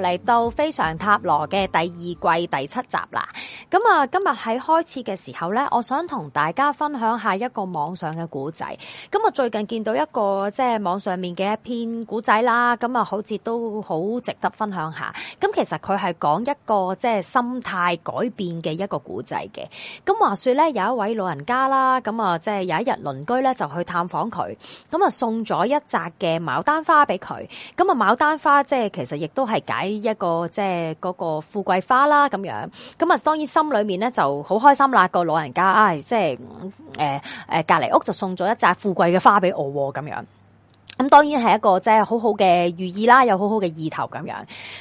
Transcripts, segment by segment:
嚟到非常塔羅嘅第二季第七集啦，咁啊，今日喺開始嘅時候呢，我想同大家分享下一個網上嘅古仔。咁啊，最近見到一個即係網上面嘅一篇古仔啦，咁啊，好似都好值得分享下。咁其實佢係講一個即係心態改變嘅一個古仔嘅。咁話說呢，有一位老人家啦，咁啊，即係有一日鄰居呢，就去探訪佢，咁啊送咗一紮嘅牡丹花俾佢。咁啊，牡丹花即係其實亦都係解。呢一個即係嗰個富貴花啦，咁樣。咁啊，當然心裏面咧就好開心啦個老人家。唉，即係誒誒，隔籬屋就送咗一紮富貴嘅花俾我咁樣。咁當然係一個即係好好嘅寓意啦，有好好嘅意頭咁樣。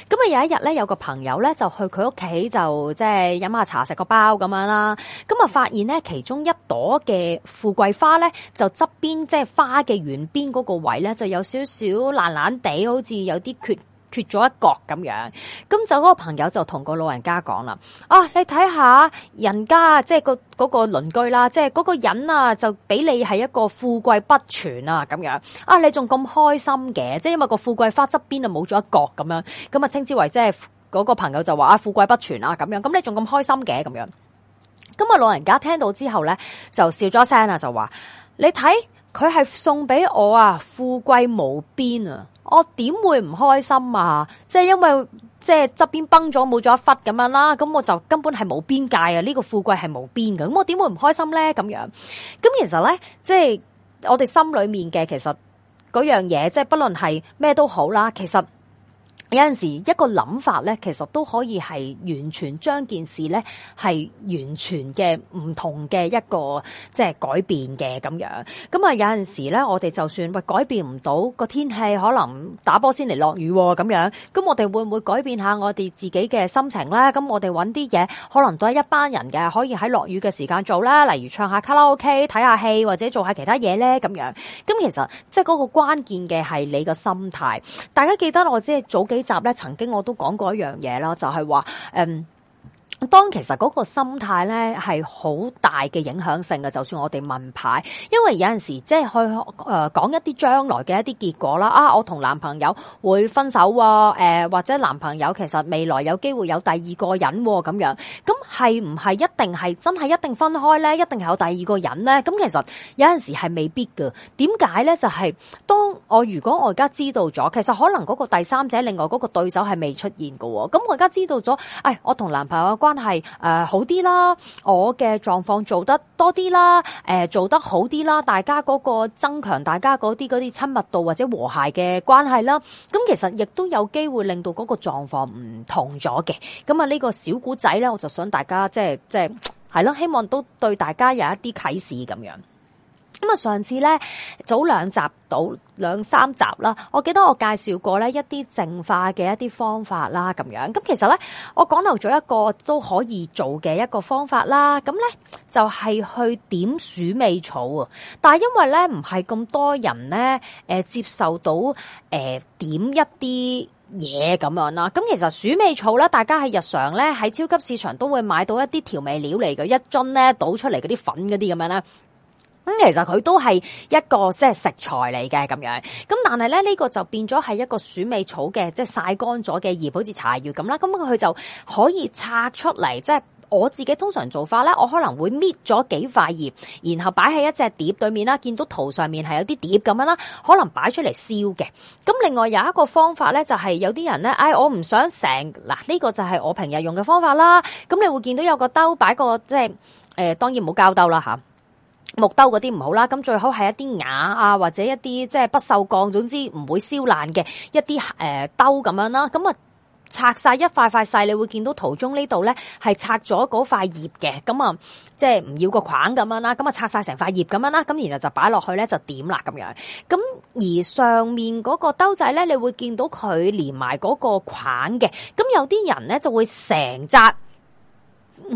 咁啊，有一日咧，有個朋友咧就去佢屋企，就即係飲下茶，食個包咁樣啦。咁啊，發現咧其中一朵嘅富貴花咧，就側邊即係花嘅圓邊嗰個位咧，就有少少爛爛地，好似有啲缺缺咗一角咁樣，咁就嗰個朋友就同個老人家講啦：啊，你睇下人家，即係個嗰個鄰居啦，即係嗰個人啊，就俾你係一個富貴不全啊咁樣，啊，你仲咁開心嘅？即係因為個富貴花側邊啊冇咗一角咁樣，咁啊稱之為即係嗰個朋友就話啊富貴不全啊咁樣，咁你仲咁開心嘅咁樣，咁啊老人家聽到之後咧就笑咗聲啊，就話：你睇佢係送俾我啊，富貴無邊啊！我點會唔開心啊？即係因為即係側邊崩咗冇咗一忽咁樣啦，咁我就根本係冇邊界啊！呢個富貴係冇邊嘅，咁我點會唔開心咧？咁樣，咁其實咧，即係我哋心裏面嘅，其實嗰樣嘢，即係不論係咩都好啦，其實。有陣時一個諗法咧，其實都可以係完全將件事咧係完全嘅唔同嘅一個即係改變嘅咁樣咁啊、嗯、有陣時咧，我哋就算喂改變唔到個天氣可能打波先嚟落雨咁、啊、樣咁、嗯、我哋會唔會改變下我哋自己嘅心情咧？咁、嗯、我哋揾啲嘢，可能都係一班人嘅，可以喺落雨嘅時間做啦。例如唱下卡拉 OK 看看、睇下戲或者做下其他嘢咧咁樣咁、嗯、其實即係個關鍵嘅係你個心態，大家記得我即係早幾。呢集咧，曾經我都講過一樣嘢啦，就係話誒。嗯當其實嗰個心態咧係好大嘅影響性嘅，就算我哋問牌，因為有陣時即係去誒講、呃、一啲將來嘅一啲結果啦。啊，我同男朋友會分手喎，誒、呃、或者男朋友其實未來有機會有第二個人咁樣，咁係唔係一定係真係一定分開咧？一定係有第二個人咧？咁其實有陣時係未必㗎。點解咧？就係、是、當我如果我而家知道咗，其實可能嗰個第三者、另外嗰個對手係未出現嘅，咁我而家知道咗，誒、哎、我同男朋友嘅關。關係誒好啲啦，我嘅狀況做得多啲啦，誒、呃、做得好啲啦，大家嗰個增強大家嗰啲嗰啲親密度或者和諧嘅關係啦，咁其實亦都有機會令到嗰個狀況唔同咗嘅，咁啊呢個小古仔咧，我就想大家即係即係係咯，希望都對大家有一啲啟示咁樣。咁啊，上次咧早兩集到兩三集啦，我記得我介紹過咧一啲淨化嘅一啲方法啦，咁樣。咁其實咧，我講漏咗一個都可以做嘅一個方法啦。咁咧就係、是、去點鼠尾草，但係因為咧唔係咁多人咧，誒、呃、接受到誒、呃、點一啲嘢咁樣啦。咁其實鼠尾草咧，大家喺日常咧喺超級市場都會買到一啲調味料嚟嘅，一樽咧，倒出嚟嗰啲粉嗰啲咁樣啦。咁、嗯、其實佢都係一個即係食材嚟嘅咁樣，咁但係咧呢、這個就變咗係一個鼠尾草嘅即係曬乾咗嘅葉，好似柴魚咁啦，咁佢就可以拆出嚟。即係我自己通常做法咧，我可能會搣咗幾塊葉，然後擺喺一隻碟對面啦。見到圖上面係有啲碟咁樣啦，可能擺出嚟燒嘅。咁另外有一個方法咧，就係、是、有啲人咧，哎，我唔想成嗱呢個就係我平日用嘅方法啦。咁你會見到有個兜擺個即係誒、呃，當然唔好膠兜啦吓。木兜嗰啲唔好啦，咁最好係一啲瓦啊，或者一啲即係不銹鋼，總之唔會燒爛嘅一啲誒兜咁樣啦。咁啊拆晒一塊塊細，你會見到圖中呢度咧係拆咗嗰塊葉嘅。咁啊即係唔要個框咁樣啦。咁啊拆晒成塊葉咁樣啦。咁然後就擺落去咧就點啦咁樣。咁而上面嗰個兜仔咧，你會見到佢連埋嗰個框嘅。咁有啲人咧就會成紮。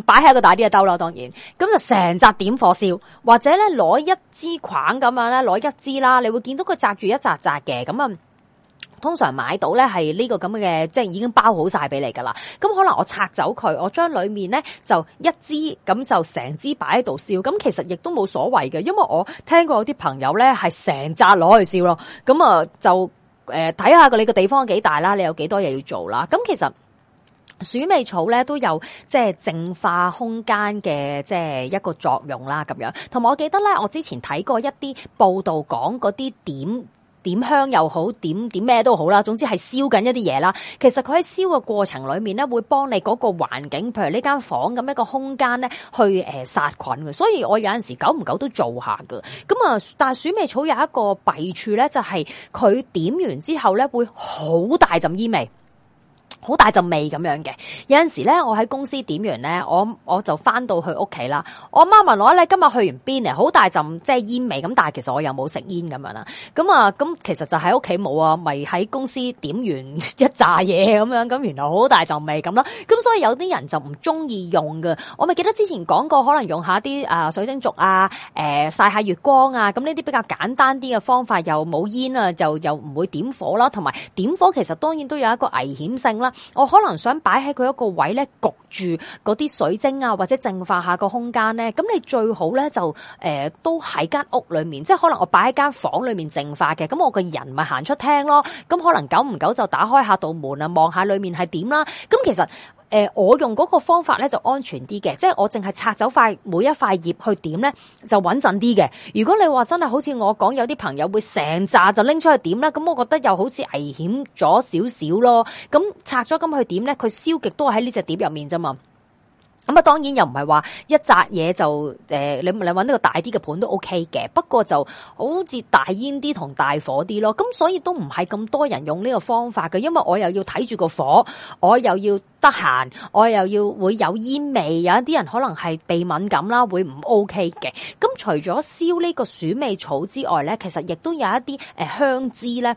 擺喺一個大啲嘅兜啦，當然咁就成紮點火燒，或者咧攞一支框咁樣咧，攞一支啦，你會見到佢扎住一扎扎嘅，咁啊通常買到咧係呢個咁嘅，即係已經包好晒俾你噶啦。咁可能我拆走佢，我將裏面咧就一支咁就成支擺喺度燒，咁其實亦都冇所謂嘅，因為我聽過有啲朋友咧係成紮攞去燒咯，咁啊就誒睇下你個地方幾大啦，你有幾多嘢要做啦，咁其實。鼠尾草咧，都有即係淨化空間嘅即係一個作用啦，咁樣。同埋我記得咧，我之前睇過一啲報道，講嗰啲點點香又好，點點咩都好啦，總之係燒緊一啲嘢啦。其實佢喺燒嘅過程裏面咧，會幫你嗰個環境，譬如呢間房咁一個空間咧，去誒殺菌嘅。所以我有陣時久唔久都做下嘅。咁啊，但係鼠尾草有一個弊處咧，就係佢點完之後咧會好大陣煙味。好大陣味，咁樣嘅，有陣時咧，我喺公司點完咧，我我就翻到去屋企啦。我媽問我你今日去完邊嚟？好大陣即係煙味咁，但係其實我又冇食煙咁樣啦。咁啊，咁其實就喺屋企冇啊，咪喺公司點完一紮嘢咁樣，咁原來好大陣味咁啦。咁所以有啲人就唔中意用嘅。我咪記得之前講過，可能用下啲啊水晶燭啊，誒曬下月光啊，咁呢啲比較簡單啲嘅方法，又冇煙啊，就又唔會點火啦。同埋點火其實當然都有一個危險性啦。我可能想擺喺佢一個位咧，焗住嗰啲水晶啊，或者淨化下個空間咧。咁你最好咧就誒、呃、都喺間屋裏面，即係可能我擺喺間房裏面淨化嘅。咁我個人咪行出廳咯。咁可能久唔久就打開下道門啊，望下裏面係點啦。咁其實。誒、呃，我用嗰個方法咧就安全啲嘅，即係我淨係拆走塊每一塊葉去點咧，就穩陣啲嘅。如果你話真係好似我講，有啲朋友會成紮就拎出去點啦，咁我覺得又好似危險咗少少咯。咁、嗯、拆咗咁去點咧，佢燒極都係喺呢隻碟入面咋嘛？咁啊，當然又唔係話一紮嘢就誒、呃，你你揾呢個大啲嘅盤都 OK 嘅。不過就好似大煙啲同大火啲咯。咁所以都唔係咁多人用呢個方法嘅，因為我又要睇住個火，我又要得閒，我又要會有煙味。有一啲人可能係鼻敏感啦，會唔 OK 嘅。咁除咗燒呢個鼠尾草之外咧，其實亦都有一啲誒香枝咧。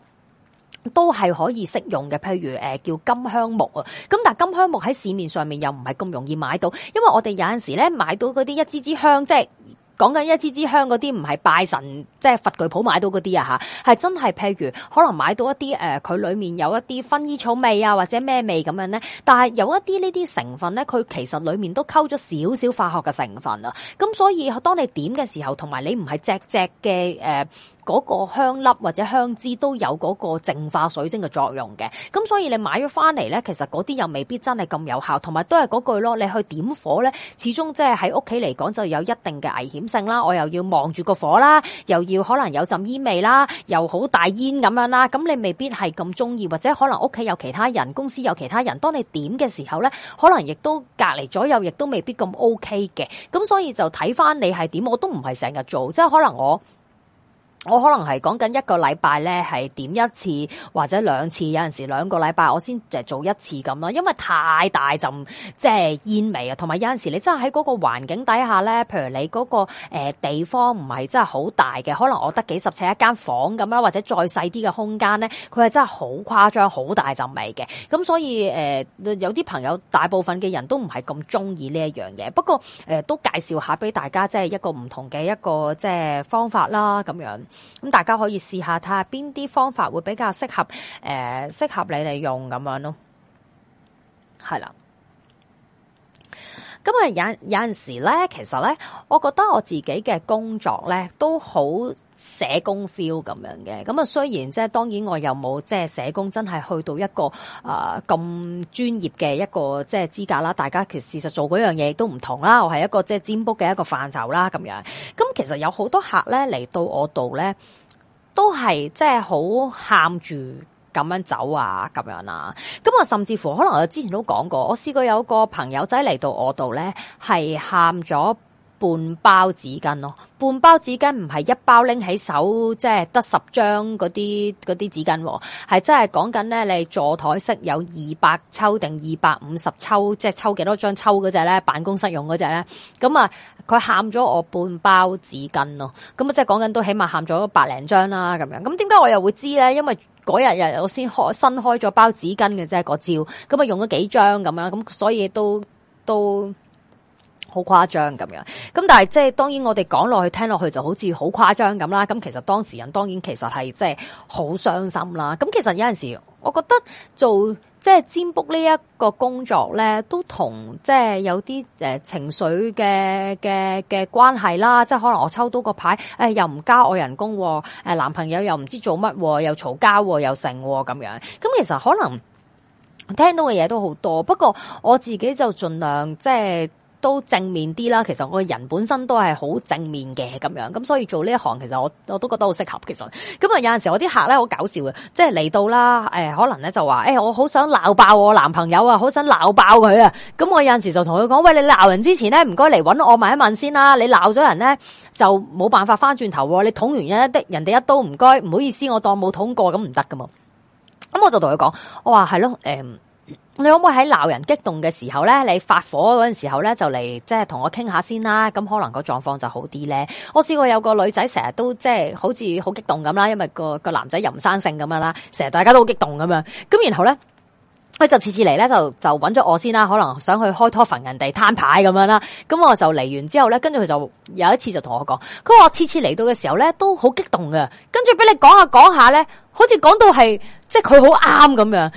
都係可以適用嘅，譬如誒叫金香木啊，咁但係金香木喺市面上面又唔係咁容易買到，因為我哋有陣時咧買到嗰啲一支支香，即係講緊一支支香嗰啲，唔係拜神即係佛具鋪買到嗰啲啊吓，係真係譬如可能買到一啲誒，佢、呃、裡面有一啲薰衣草味啊或者咩味咁樣咧，但係有一啲呢啲成分咧，佢其實裡面都溝咗少少化學嘅成分啊，咁所以當你點嘅時候，同埋你唔係隻隻嘅誒。呃嗰個香粒或者香枝都有嗰個淨化水晶嘅作用嘅，咁所以你買咗翻嚟呢，其實嗰啲又未必真係咁有效，同埋都係嗰句咯，你去點火呢，始終即係喺屋企嚟講就有一定嘅危險性啦，我又要望住個火啦，又要可能有陣煙味啦，又好大煙咁樣啦，咁你未必係咁中意，或者可能屋企有其他人，公司有其他人，當你點嘅時候呢，可能亦都隔籬左右亦都未必咁 OK 嘅，咁所以就睇翻你係點，我都唔係成日做，即係可能我。我可能係講緊一個禮拜咧，係點一次或者兩次，有陣時兩個禮拜我先就做一次咁啦，因為太大陣即係煙味啊，同埋有陣時你真係喺嗰個環境底下咧，譬如你嗰個誒地方唔係真係好大嘅，可能我得幾十尺一間房咁啦，或者再細啲嘅空間咧，佢係真係好誇張，好大陣味嘅。咁所以誒有啲朋友，大部分嘅人都唔係咁中意呢一樣嘢。不過誒都介紹下俾大家，即係一個唔同嘅一個即係方法啦，咁樣。咁大家可以試下睇下邊啲方法會比較適合，誒、呃、適合你哋用咁樣咯，係啦。咁啊有有陣時咧，其實咧，我覺得我自己嘅工作咧都好社工 feel 咁樣嘅。咁啊，雖然即係當然我又冇即係社工，真係去到一個啊咁專業嘅一個即係資格啦。大家其實事實做嗰樣嘢都唔同啦。我係一個即係占卜嘅一個範疇啦，咁樣。咁，嗯，其實有好多客咧嚟到我度咧，都係即係好喊住。咁樣走啊，咁樣啊。咁我甚至乎可能我之前都講過，我試過有個朋友仔嚟到我度呢，係喊咗半包紙巾咯。半包紙巾唔係一包拎起手，即係得十張嗰啲嗰啲紙巾，係真係講緊呢，你坐台式有二百抽定二百五十抽，即係抽幾多張抽嗰隻呢？辦公室用嗰隻呢？咁啊，佢喊咗我半包紙巾咯。咁啊，即係講緊都起碼喊咗百零張啦。咁樣。咁點解我又會知呢？因為嗰日又我先開新開咗包紙巾嘅啫，嗰招咁啊用咗幾張咁樣，咁所以都都好誇張咁樣。咁但係即係當然我哋講落去聽落去就好似好誇張咁啦。咁其實當事人當然其實係即係好傷心啦。咁其實有陣時我覺得做。即係占卜呢一個工作咧，都同即係有啲誒、呃、情緒嘅嘅嘅關係啦。即係可能我抽到個牌，誒、哎、又唔加我人工，誒、呃、男朋友又唔知做乜，又嘈交，又成咁樣。咁、嗯、其實可能聽到嘅嘢都好多，不過我自己就盡量即係。都正面啲啦，其實我個人本身都係好正面嘅咁樣，咁所以做呢一行，其實我我都覺得好適合。其實咁啊，有陣時我啲客咧好搞笑嘅，即係嚟到啦，誒，可能咧就話，誒、欸，我好想鬧爆我男朋友啊，好想鬧爆佢啊，咁我有陣時就同佢講，喂，你鬧人之前咧，唔該嚟搵我問一問先啦，啊，你鬧咗人咧就冇辦法翻轉頭，啊，你捅完一啲人哋一刀，唔該，唔好意思，我當冇捅過，咁唔得㗎嘛，咁我就同佢講，我話係咯，誒、嗯。你可唔可以喺鬧人激動嘅時候咧，你發火嗰陣時候咧，就嚟即係同我傾下先啦，咁可能個狀況就好啲咧。我試過有個女仔成日都即係好似好激動咁啦，因為個個男仔又唔生性咁噶啦，成日大家都好激動咁樣。咁然後咧，佢就次次嚟咧就就揾咗我先啦，可能想去開拖墳人哋攤牌咁樣啦。咁我就嚟完之後咧，跟住佢就有一次就同我講，佢話我次次嚟到嘅時候咧都好激動嘅，跟住俾你講下講下咧，好似講到係即係佢好啱咁樣。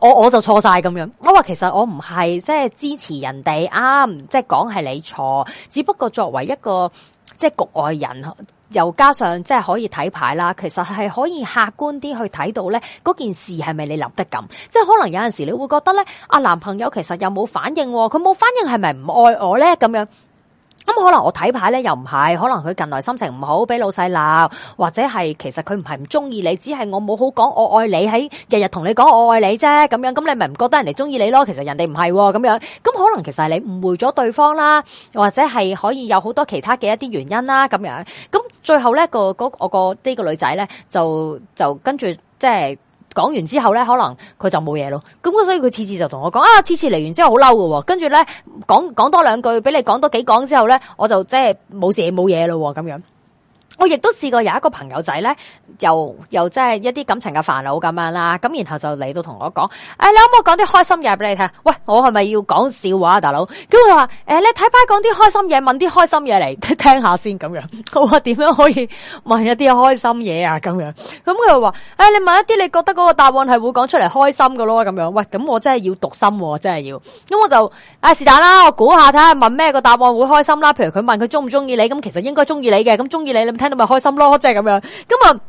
我我就錯晒咁樣，我話其實我唔係即係支持人哋啱，即係講係你錯，只不過作為一個即係局外人，又加上即係可以睇牌啦，其實係可以客觀啲去睇到咧，嗰件事係咪你立得咁？即係可能有陣時你會覺得咧，阿、啊、男朋友其實又冇反應、啊，佢冇反應係咪唔愛我咧？咁樣。咁可能我睇牌咧又唔係，可能佢近來心情唔好，俾老細鬧，或者係其實佢唔係唔中意你，只係我冇好講我愛你喺日日同你講我愛你啫咁樣，咁你咪唔覺得人哋中意你咯？其實人哋唔係咁樣，咁可能其實係你誤會咗對方啦，或者係可以有好多其他嘅一啲原因啦咁樣。咁最後咧個嗰我個呢個女仔咧就就跟住即係。講完之後咧，可能佢就冇嘢咯。咁所以佢次次就同我講啊，次次嚟完之後好嬲嘅。跟住咧，講講多兩句，俾你講多幾講之後咧，我就即係冇事，冇嘢咯咁樣。我亦都試過有一個朋友仔咧，又又即係一啲感情嘅煩惱咁樣啦，咁然後就嚟到同我講，誒、哎，你可唔可以講啲開心嘢俾你聽？喂，我係咪要講笑話啊，大佬？咁佢話，誒、哎，你睇翻講啲開心嘢，問啲開心嘢嚟聽下先咁樣。好啊，點樣可以問一啲開心嘢啊？咁樣，咁佢又話，誒、哎，你問一啲你覺得嗰個答案係會講出嚟開心嘅咯？咁樣，喂，咁我真係要讀心、啊，真係要。咁我就，啊、哎，是但啦，我估下睇下問咩個答案會開心啦。譬如佢問佢中唔中意你，咁其實應該中意你嘅，咁中意你你唔聽。咁咪開心咯，即係咁樣。咁、嗯、啊，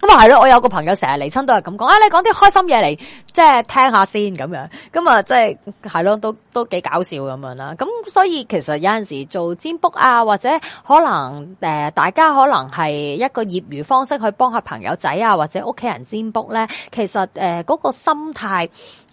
咁啊係咯。我有個朋友成日嚟親都係咁講，啊，你講啲開心嘢嚟，即係聽下先咁樣。咁、嗯、啊，即係係咯，都都幾搞笑咁樣啦。咁、嗯、所以其實有陣時做占卜啊，或者可能誒、呃，大家可能係一個業餘方式去幫下朋友仔啊，或者屋企人占卜咧。其實誒，嗰、呃嗰個心態。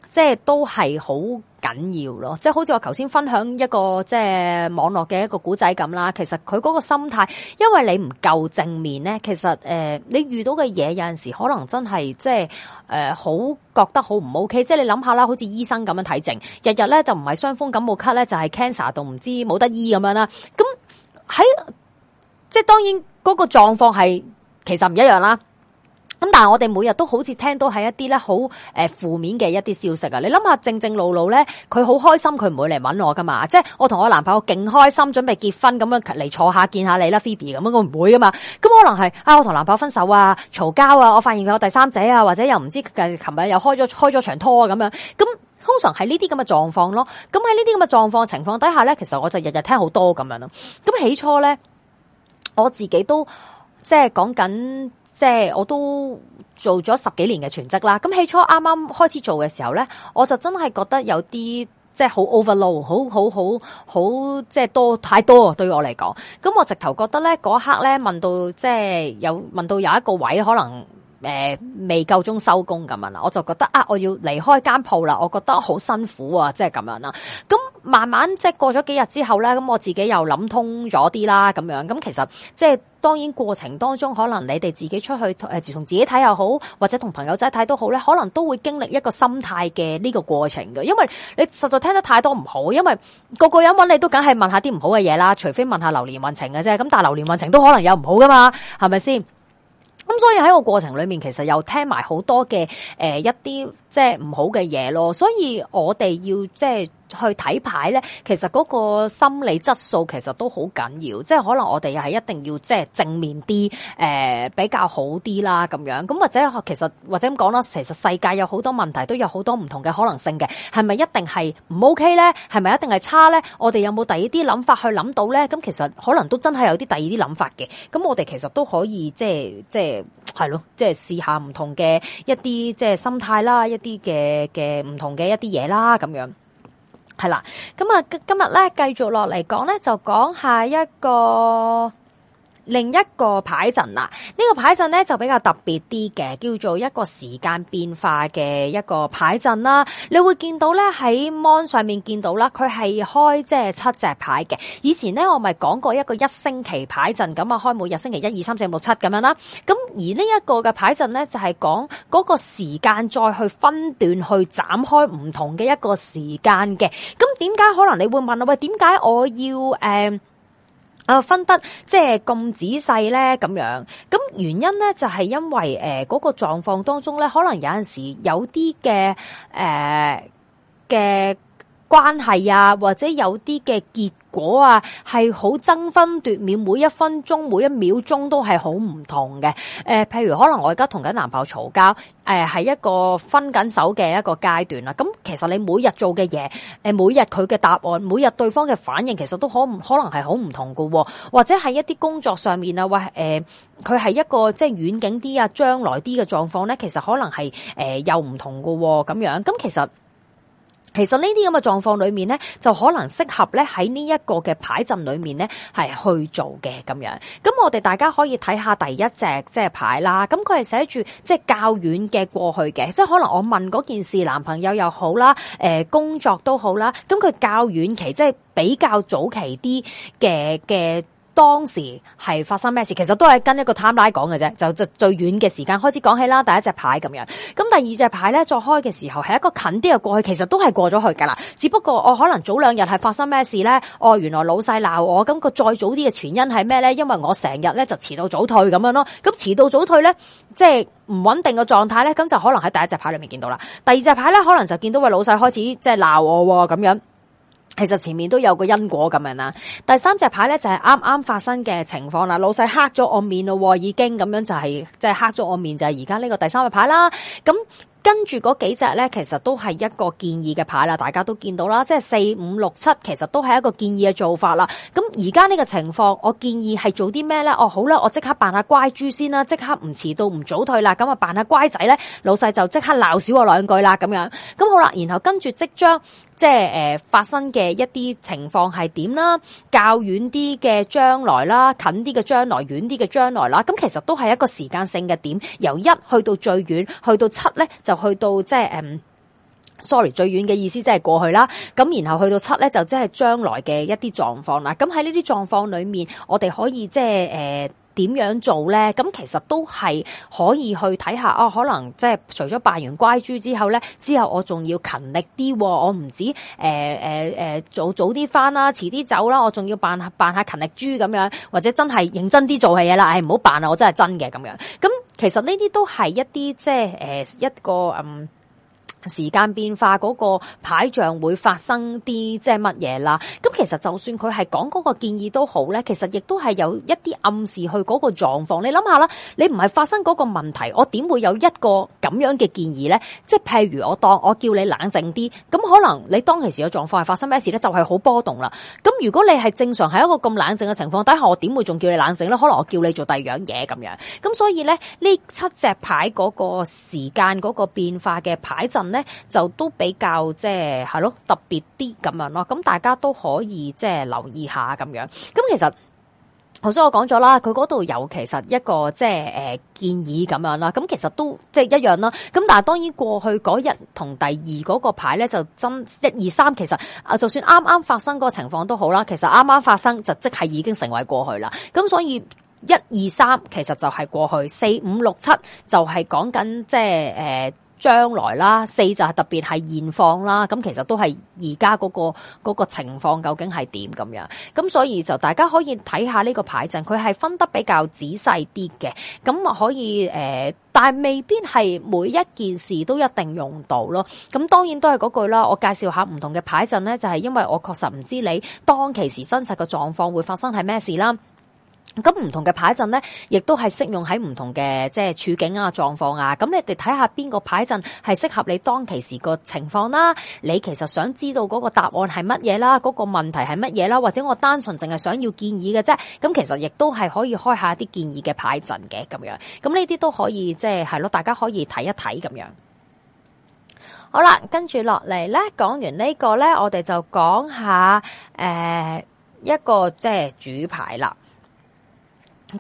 即係都係好緊要咯，即係好似我頭先分享一個即係網絡嘅一個古仔咁啦。其實佢嗰個心態，因為你唔夠正面咧，其實誒、呃，你遇到嘅嘢，有陣時可能真係、呃、即係誒，好覺得好唔 OK。即係你諗下啦，好似醫生咁樣睇症，日日咧就唔係傷風感冒咳咧，就係、是、cancer 都唔知冇得醫咁樣啦。咁喺，即係當然嗰個狀況係其實唔一樣啦。咁但係我哋每日都好似聽到係一啲咧好誒負面嘅一啲消息啊！你諗下正正路路咧，佢好開心佢唔會嚟搵我噶嘛？即係我同我男朋友勁開心準備結婚咁樣嚟坐下見下你啦，Phoebe 咁樣我唔會噶嘛？咁可能係啊我同男朋友分手啊，嘈交啊，我發現佢有第三者啊，或者又唔知誒琴日又開咗開咗場拖啊咁樣。咁通常係呢啲咁嘅狀況咯。咁喺呢啲咁嘅狀況情況底下咧，其實我就日日聽好多咁樣咯。咁起初咧，我自己都即係講緊。即係我都做咗十幾年嘅全職啦，咁起初啱啱開始做嘅時候呢，我就真係覺得有啲即係好 overload，好好好好即係多太多啊，對我嚟講，咁我直頭覺得呢嗰一刻呢，問到即係有問到有一個位可能。誒，未夠鐘收工咁樣啦，我就覺得啊，我要離開間鋪啦，我覺得好辛苦啊，即係咁樣啦。咁、嗯、慢慢即係過咗幾日之後咧，咁、嗯、我自己又諗通咗啲啦，咁樣咁、嗯、其實即係當然過程當中，可能你哋自己出去誒，自從自己睇又好，或者同朋友仔睇都好咧，可能都會經歷一個心態嘅呢個過程嘅，因為你實在聽得太多唔好，因為個個人揾你都梗係問下啲唔好嘅嘢啦，除非問下流年運程嘅啫，咁但係流年運程都可能有唔好噶嘛，係咪先？咁所以喺個過程裏面，其實又聽埋、呃、好多嘅誒一啲即係唔好嘅嘢咯，所以我哋要即係。去睇牌咧，其實嗰個心理質素其實都好緊要，即係可能我哋又係一定要即係正面啲，誒、呃、比較好啲啦咁樣。咁或者其實或者咁講啦，其實世界有好多問題都有好多唔同嘅可能性嘅，係咪一定係唔 OK 咧？係咪一定係差咧？我哋有冇第二啲諗法去諗到咧？咁其實可能都真係有啲第二啲諗法嘅。咁我哋其實都可以即係即係係咯，即係試下唔同嘅一啲即係心態啦，一啲嘅嘅唔同嘅一啲嘢啦咁樣。係啦，咁啊，今日咧繼續落嚟講咧，就講下一個。另一個牌陣啦，呢個牌陣咧就比較特別啲嘅，叫做一個時間變化嘅一個牌陣啦。你會見到咧喺 Mon 上面見到啦，佢係開即係七隻牌嘅。以前咧我咪講過一個一星期牌陣咁啊，開每日星期一二三四五六七咁樣啦。咁而呢一個嘅牌陣咧就係講嗰個時間再去分段去斬開唔同嘅一個時間嘅。咁點解可能你會問我喂，點解我要誒？呃啊，uh, 分得即係咁仔細咧，咁樣，咁原因咧就係、是、因為誒、呃嗰個狀況當中咧，可能有陣時有啲嘅誒嘅關係啊，或者有啲嘅結。果啊，係好爭分奪秒，每一分鐘、每一秒鐘都係好唔同嘅。誒、呃，譬如可能我而家同緊男朋友嘈交，誒、呃，係一個分緊手嘅一個階段啦。咁、嗯、其實你每日做嘅嘢，誒、呃，每日佢嘅答案，每日，每日對方嘅反應，其實都可可能係好唔同嘅、哦，或者係一啲工作上面啊，或、呃、誒，佢係一個即係遠景啲啊，將來啲嘅狀況咧，其實可能係誒、呃、又唔同嘅咁、哦、樣。咁、嗯、其實。其實呢啲咁嘅狀況裏面咧，就可能適合咧喺呢一個嘅牌陣裏面咧，係去做嘅咁樣。咁我哋大家可以睇下第一隻即係牌啦。咁佢係寫住即係較遠嘅過去嘅，即係可能我問嗰件事，男朋友又好啦，誒、呃、工作都好啦。咁佢較遠期，即係比較早期啲嘅嘅。當時係發生咩事？其實都係跟一個 timeline 講嘅啫，就最最遠嘅時間開始講起啦。第一隻牌咁樣，咁第二隻牌咧再開嘅時候係一個近啲嘅過去，其實都係過咗去噶啦。只不過我、哦、可能早兩日係發生咩事咧？哦，原來老細鬧我，咁，個再早啲嘅前因係咩咧？因為我成日咧就遲到早退咁樣咯。咁，嗯、遲到早退咧，即係唔穩定嘅狀態咧，咁就可能喺第一隻牌裏面見到啦。第二隻牌咧，可能就見到位老細開始即係鬧我咁，哦、樣。其實前面都有個因果咁樣啦，第三隻牌咧就係啱啱發生嘅情況啦，老細黑咗我面咯，已經咁樣就係即係黑咗我面就係而家呢個第三隻牌啦，咁跟住嗰幾隻咧其實都係一個建議嘅牌啦，大家都見到啦，即係四五六七其實都係一個建議嘅做法啦，咁。而家呢個情況，我建議係做啲咩呢？哦，好啦，我即刻扮下乖豬先啦，即刻唔遲到唔早退啦，咁啊扮下乖仔呢，老細就即刻鬧少我兩句啦咁樣。咁、嗯、好啦，然後跟住即將即係誒、呃、發生嘅一啲情況係點啦？較遠啲嘅將來啦，近啲嘅將來，遠啲嘅將來啦，咁其實都係一個時間性嘅點，由一去到最遠，去到七呢，就去到即係誒。嗯 Sorry，最遠嘅意思即係過去啦，咁然後去到七咧就即係將來嘅一啲狀況啦。咁喺呢啲狀況裏面，我哋可以即係誒點樣做咧？咁其實都係可以去睇下啊，可能即係、呃、除咗扮完乖豬之後咧，之後我仲要勤力啲。我唔止誒誒誒早早啲返啦，遲啲走啦，我仲要扮扮下勤力豬咁樣，或者真係認真啲做下嘢啦。誒唔好扮啦，我真係真嘅咁樣。咁其實呢啲都係一啲即係誒一個嗯。時間變化嗰個牌象，會發生啲即係乜嘢啦？咁其實就算佢係講嗰個建議都好咧，其實亦都係有一啲暗示去嗰個狀況。你諗下啦，你唔係發生嗰個問題，我點會有一個咁樣嘅建議咧？即係譬如我當我叫你冷靜啲，咁可能你當其時嘅狀況係發生咩事咧？就係好波動啦。咁如果你係正常係一個咁冷靜嘅情況底下，我點會仲叫你冷靜咧？可能我叫你做第二樣嘢咁樣。咁所以咧，呢七隻牌嗰個時間嗰個變化嘅牌陣。咧就都比較即係咯特別啲咁樣咯，咁大家都可以即係、就是、留意下咁樣。咁其實頭先我講咗啦，佢嗰度有其實一個即係、就是呃、建議咁樣啦。咁其實都即係一樣啦。咁但係當然過去嗰日同第二嗰個牌呢，就真一二三，其實就算啱啱發生嗰個情況都好啦。其實啱啱發生就即係已經成為過去啦。咁所以一二三其實就係過去，四五六七就係講緊即係誒。就是將來啦，四就係特別係現況啦，咁其實都係而家嗰個、嗰個情況究竟係點咁樣，咁所以就大家可以睇下呢個牌陣，佢係分得比較仔細啲嘅，咁啊可以誒、呃，但係未必係每一件事都一定用到咯。咁當然都係嗰句啦，我介紹下唔同嘅牌陣咧，就係、是、因為我確實唔知你當其時真實嘅狀況會發生係咩事啦。咁唔同嘅牌陣咧，亦都係適用喺唔同嘅即係處境啊、狀況啊。咁你哋睇下邊個牌陣係適合你當其時個情況啦。你其實想知道嗰個答案係乜嘢啦，嗰、嗰個問題係乜嘢啦，或者我單純淨係想要建議嘅啫。咁其實亦都係可以開一下啲建議嘅牌陣嘅咁樣。咁呢啲都可以即係係咯，大家可以睇一睇咁樣。好啦，跟住落嚟咧，講完個呢個咧，我哋就講下誒、呃、一個即係主牌啦。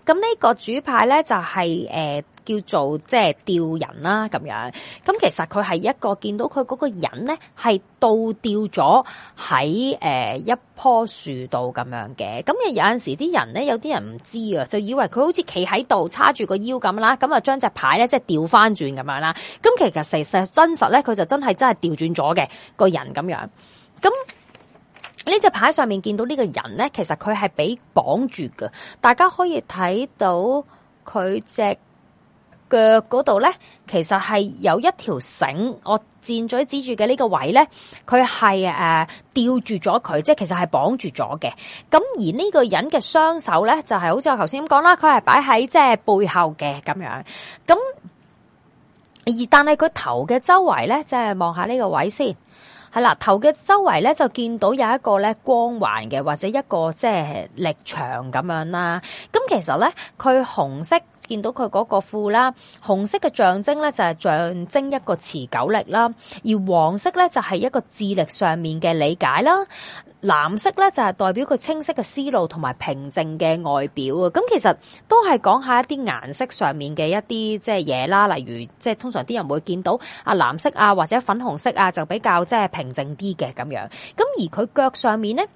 咁呢個主牌咧就係、是、誒、呃、叫做即係吊人啦、啊、咁樣，咁其實佢係一個見到佢嗰個人咧係倒吊咗喺誒一棵樹度咁樣嘅，咁嘅有陣時啲人咧有啲人唔知啊，就以為佢好似企喺度叉住個腰咁啦，咁啊將隻牌咧即係掉翻轉咁樣啦，咁其實實實真實咧佢就真係真係調轉咗嘅個人咁樣，咁。呢隻牌上面見到呢個人咧，其實佢係俾綁住嘅。大家可以睇到佢隻腳嗰度咧，其實係有一條繩。我箭嘴指住嘅呢個位咧，佢係誒吊住咗佢，即係其實係綁住咗嘅。咁而呢個人嘅雙手咧，就係好似我頭先咁講啦，佢係擺喺即係背後嘅咁樣。咁而但係佢頭嘅周圍咧，即係望下呢個位先。係啦，頭嘅周圍咧就見到有一個咧光環嘅，或者一個即係力場咁樣啦。咁其實咧，佢紅色見到佢嗰個褲啦，紅色嘅象徵咧就係、是、象徵一個持久力啦，而黃色咧就係、是、一個智力上面嘅理解啦。藍色咧就係代表佢清晰嘅思路同埋平靜嘅外表啊，咁其實都係講下一啲顏色上面嘅一啲即係嘢啦，例如即係通常啲人會見到啊藍色啊或者粉紅色啊就比較即係平靜啲嘅咁樣，咁而佢腳上面咧，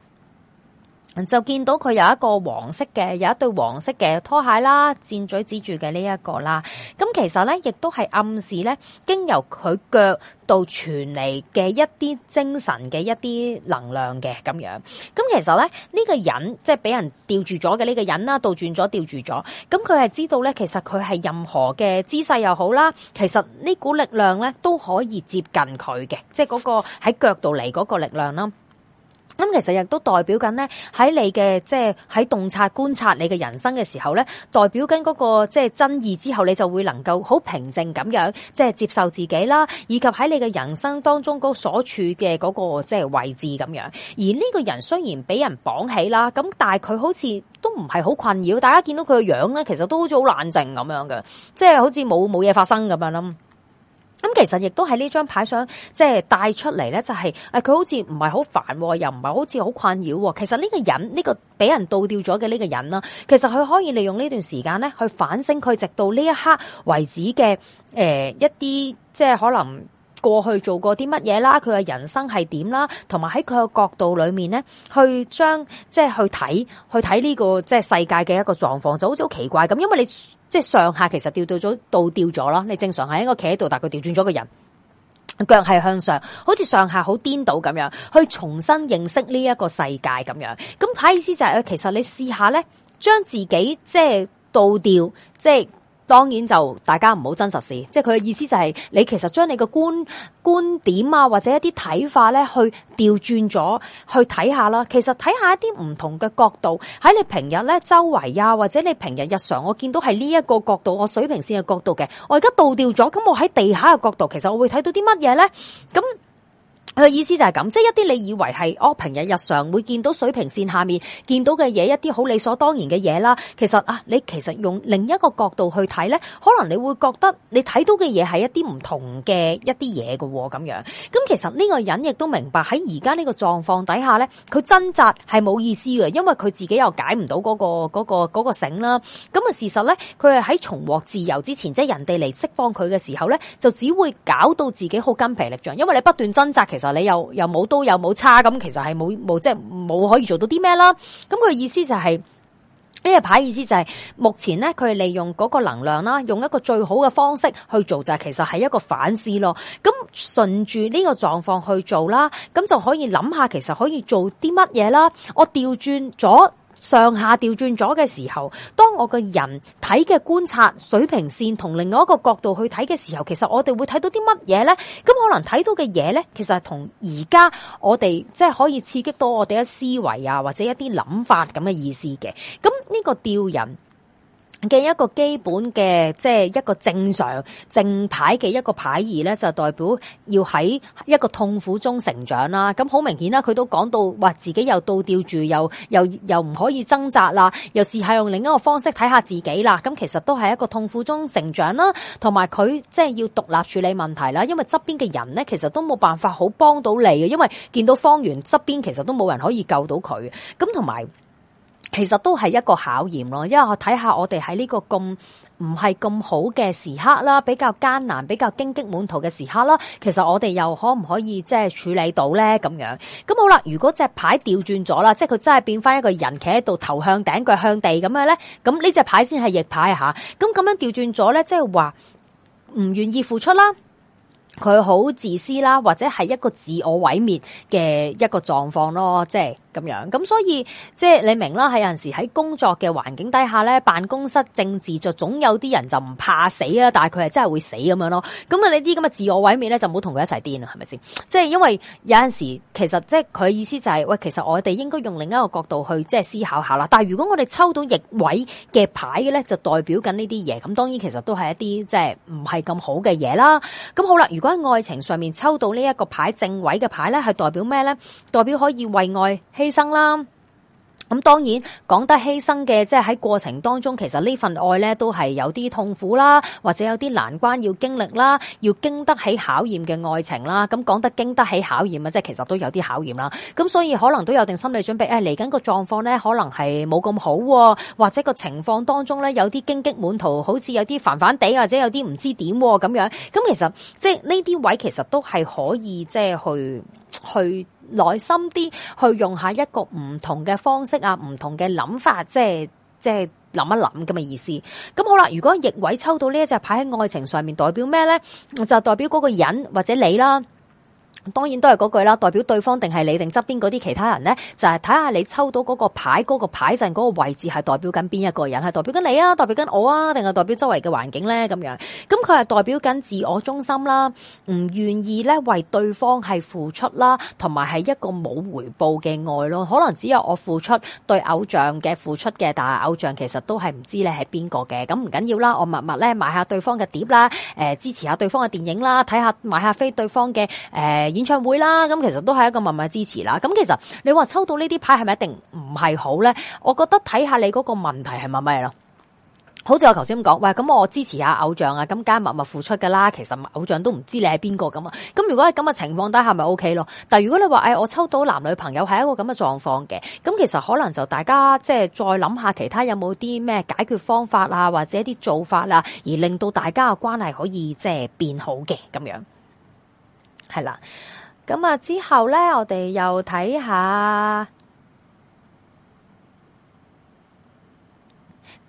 就見到佢有一個黃色嘅，有一對黃色嘅拖鞋啦，箭嘴指住嘅呢一個啦。咁其實咧，亦都係暗示咧，經由佢腳度傳嚟嘅一啲精神嘅一啲能量嘅咁樣。咁其實咧，呢個人即係俾人吊住咗嘅呢個人啦，倒轉咗吊住咗。咁佢係知道咧，其實佢係任何嘅姿勢又好啦，其實呢股力量咧都可以接近佢嘅，即係嗰個喺腳度嚟嗰個力量啦。咁其實亦都代表緊咧，喺你嘅即係喺洞察觀察你嘅人生嘅時候咧，代表緊嗰個即係爭議之後，你就會能夠好平靜咁樣即係接受自己啦，以及喺你嘅人生當中嗰所處嘅嗰個即係位置咁樣。而呢個人雖然俾人綁起啦，咁但係佢好似都唔係好困擾，大家見到佢嘅樣咧，其實都好似好冷靜咁樣嘅，即係好似冇冇嘢發生咁樣咯。咁其實亦都喺呢張牌上即係帶出嚟咧，就係誒佢好似唔係好煩，又唔係好似好困擾。其實呢個人呢、呢個俾人倒掉咗嘅呢個人啦，其實佢可以利用呢段時間咧去反省佢直到呢一刻為止嘅誒、呃、一啲即係可能。過去做過啲乜嘢啦？佢嘅人生係點啦？同埋喺佢嘅角度裏面咧，去將即係去睇，去睇呢個，即係世界嘅一個狀況，就好似好奇怪咁。因為你即係上下其實掉到咗倒掉咗啦，你正常係應該企喺度，但佢調轉咗個人腳係向上，好似上下好顛倒咁樣，去重新認識呢一個世界咁樣。咁睇意思就係，其實你試下咧，將自己即係倒掉，即係。當然就大家唔好真實事，即係佢嘅意思就係你其實將你嘅觀觀點啊，或者一啲睇法咧，去調轉咗去睇下啦。其實睇下一啲唔同嘅角度，喺你平日咧，周圍啊，或者你平日日常，我見到係呢一個角度，我水平線嘅角度嘅，我而家倒掉咗，咁我喺地下嘅角度，其實我會睇到啲乜嘢咧？咁。佢嘅意思就係咁，即係，一啲你以為係哦平日日常會見到水平線下面見到嘅嘢，一啲好理所當然嘅嘢啦。其實啊，你其實用另一個角度去睇咧，可能你會覺得你睇到嘅嘢係一啲唔同嘅一啲嘢嘅，咁樣，咁其實呢個人亦都明白喺而家呢個狀況底下咧，佢掙扎係冇意思嘅，因為佢自己又解唔到嗰個嗰個嗰個繩啦。咁啊事實咧，佢係喺重獲自由之前，即係人哋嚟釋放佢嘅時候咧，就只會搞到自己好筋疲力盡，因為你不斷掙扎其實。其實你又又冇刀，又冇叉，咁其實係冇冇即係冇可以做到啲咩啦。咁佢意思就係呢個牌意思就係、是、目前咧，佢係利用嗰個能量啦，用一個最好嘅方式去做，就係其實係一個反思咯。咁順住呢個狀況去做啦，咁就可以諗下其實可以做啲乜嘢啦。我調轉咗。上下調轉咗嘅時候，當我個人睇嘅觀察水平線同另外一個角度去睇嘅時候，其實我哋會睇到啲乜嘢呢？咁可能睇到嘅嘢呢，其實係同而家我哋即係可以刺激到我哋嘅思維啊，或者一啲諗法咁嘅意思嘅。咁呢個吊人。嘅一個基本嘅，即係一個正常正牌嘅一個牌意咧，就代表要喺一個痛苦中成長啦。咁好明顯啦，佢都講到話自己又倒吊住，又又又唔可以掙扎啦，又試下用另一個方式睇下自己啦。咁其實都係一個痛苦中成長啦，同埋佢即係要獨立處理問題啦。因為側邊嘅人咧，其實都冇辦法好幫到你嘅，因為見到方圓側邊其實都冇人可以救到佢。咁同埋。其實都係一個考驗咯，因為我睇下我哋喺呢個咁唔係咁好嘅時刻啦，比較艱難、比較荊棘滿途嘅時刻啦，其實我哋又可唔可以即係處理到咧？咁樣咁好啦，如果隻牌調轉咗啦，即係佢真係變翻一個人企喺度，頭向頂，腳向地咁樣咧，咁呢隻牌先係逆牌吓。咁咁樣調轉咗咧，即係話唔願意付出啦。佢好自私啦，或者係一個自我毀滅嘅一個狀況咯，即係咁樣。咁所以即係你明啦，喺有陣時喺工作嘅環境底下咧，辦公室政治就總有啲人就唔怕死啦，但係佢係真係會死咁樣咯。咁啊，你啲咁嘅自我毀滅咧，就唔好同佢一齊癲啦，係咪先？即係因為有陣時其實即係佢意思就係、是、喂，其實我哋應該用另一個角度去即係思考下啦。但係如果我哋抽到逆位嘅牌嘅咧，就代表緊呢啲嘢。咁當然其實都係一啲即係唔係咁好嘅嘢啦。咁好啦，如果喺愛情上面抽到呢一個牌，正位嘅牌咧，係代表咩咧？代表可以為愛犧牲啦。咁當然講得犧牲嘅，即係喺過程當中，其實呢份愛呢都係有啲痛苦啦，或者有啲難關要經歷啦，要經得起考驗嘅愛情啦。咁講得經得起考驗啊，即係其實都有啲考驗啦。咁所以可能都有定心理準備啊。嚟緊個狀況呢，可能係冇咁好，啊，或者個情況當中呢，有啲荊棘滿途，好似有啲煩煩哋，或者有啲唔知點咁樣，、啊、樣。咁其實即係呢啲位其實都係可以即係去去。去耐心啲去用下一個唔同嘅方式啊，唔同嘅諗法，即係即係諗一諗咁嘅意思。咁好啦，如果逆位抽到呢一隻牌喺愛情上面代表咩咧？就代表嗰個人或者你啦。當然都係嗰句啦，代表對方定係你定側邊嗰啲其他人呢？就係睇下你抽到嗰個牌嗰、嗰個牌陣嗰個位置係代表緊邊一個人，係代表緊你啊，代表緊我啊，定係代表周圍嘅環境呢？咁樣。咁佢係代表緊自我中心啦，唔願意咧為對方係付出啦，同埋係一個冇回報嘅愛咯。可能只有我付出對偶像嘅付出嘅，但係偶像其實都係唔知你係邊個嘅。咁唔緊要啦，我默默咧買，買，買，買對、呃、下對方嘅碟啦，誒支持下對方嘅電影啦，睇下買下飛對方嘅誒。呃買買買演唱會啦，咁其實都係一個默默支持啦。咁其實你話抽到呢啲牌係咪一定唔係好咧？我覺得睇下你嗰個問題係咪咩咯。好似我頭先咁講，喂，咁我支持下偶像啊，咁加默默付出噶啦。其實偶像都唔知你係邊個咁啊。咁如果係咁嘅情況底下，咪 O K 咯。但係如果你話，誒、哎，我抽到男女朋友係一個咁嘅狀況嘅，咁其實可能就大家即係再諗下其他有冇啲咩解決方法啊，或者啲做法啦，而令到大家嘅關係可以即係變好嘅咁樣。係啦，咁啊，之後咧，我哋又睇下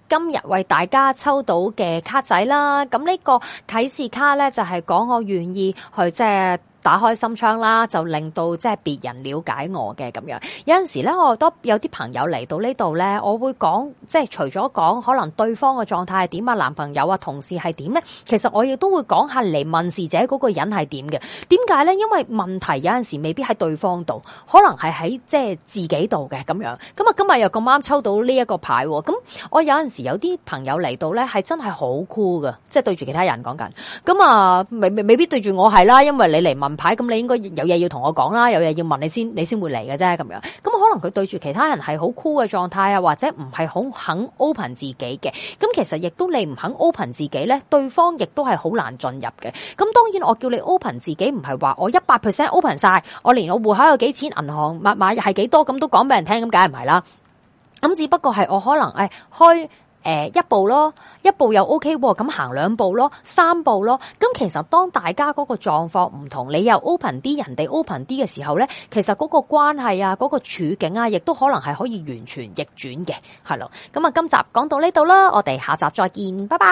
今日為大家抽到嘅卡仔啦。咁呢個啟示卡咧，就係講我願意去即係。打開心窗啦，就令到即係別人了解我嘅咁樣。有陣時咧，我都有啲朋友嚟到呢度咧，我會講即係除咗講可能對方嘅狀態係點啊，男朋友啊，同事係點咧，其實我亦都會講下嚟問事者嗰個人係點嘅。點解咧？因為問題有陣時未必喺對方度，可能係喺即係自己度嘅咁樣。咁啊，今日又咁啱抽到呢一個牌，咁我有陣時有啲朋友嚟到咧，係真係好 cool 嘅，即係對住其他人講緊。咁啊，未未未必對住我係啦，因為你嚟問。牌咁，你應該有嘢要同我講啦，有嘢要問你先，你先會嚟嘅啫。咁樣咁可能佢對住其他人係好酷嘅狀態啊，或者唔係好肯 open 自己嘅。咁其實亦都你唔肯 open 自己咧，對方亦都係好難進入嘅。咁當然我叫你 open 自己，唔係話我一百 percent open 晒，我連我戶口有幾錢、銀行密碼係幾多，咁都講俾人聽，咁梗係唔係啦。咁只不過係我可能誒、哎、開。誒、呃，一步咯，一步又 OK 喎，咁行兩步咯，三步咯，咁其實當大家嗰個狀況唔同，你又 open 啲，人哋 open 啲嘅時候呢，其實嗰個關係啊，嗰、嗰個處境啊，亦都可能係可以完全逆轉嘅，係咯。咁啊，今集講到呢度啦，我哋下集再見，拜拜。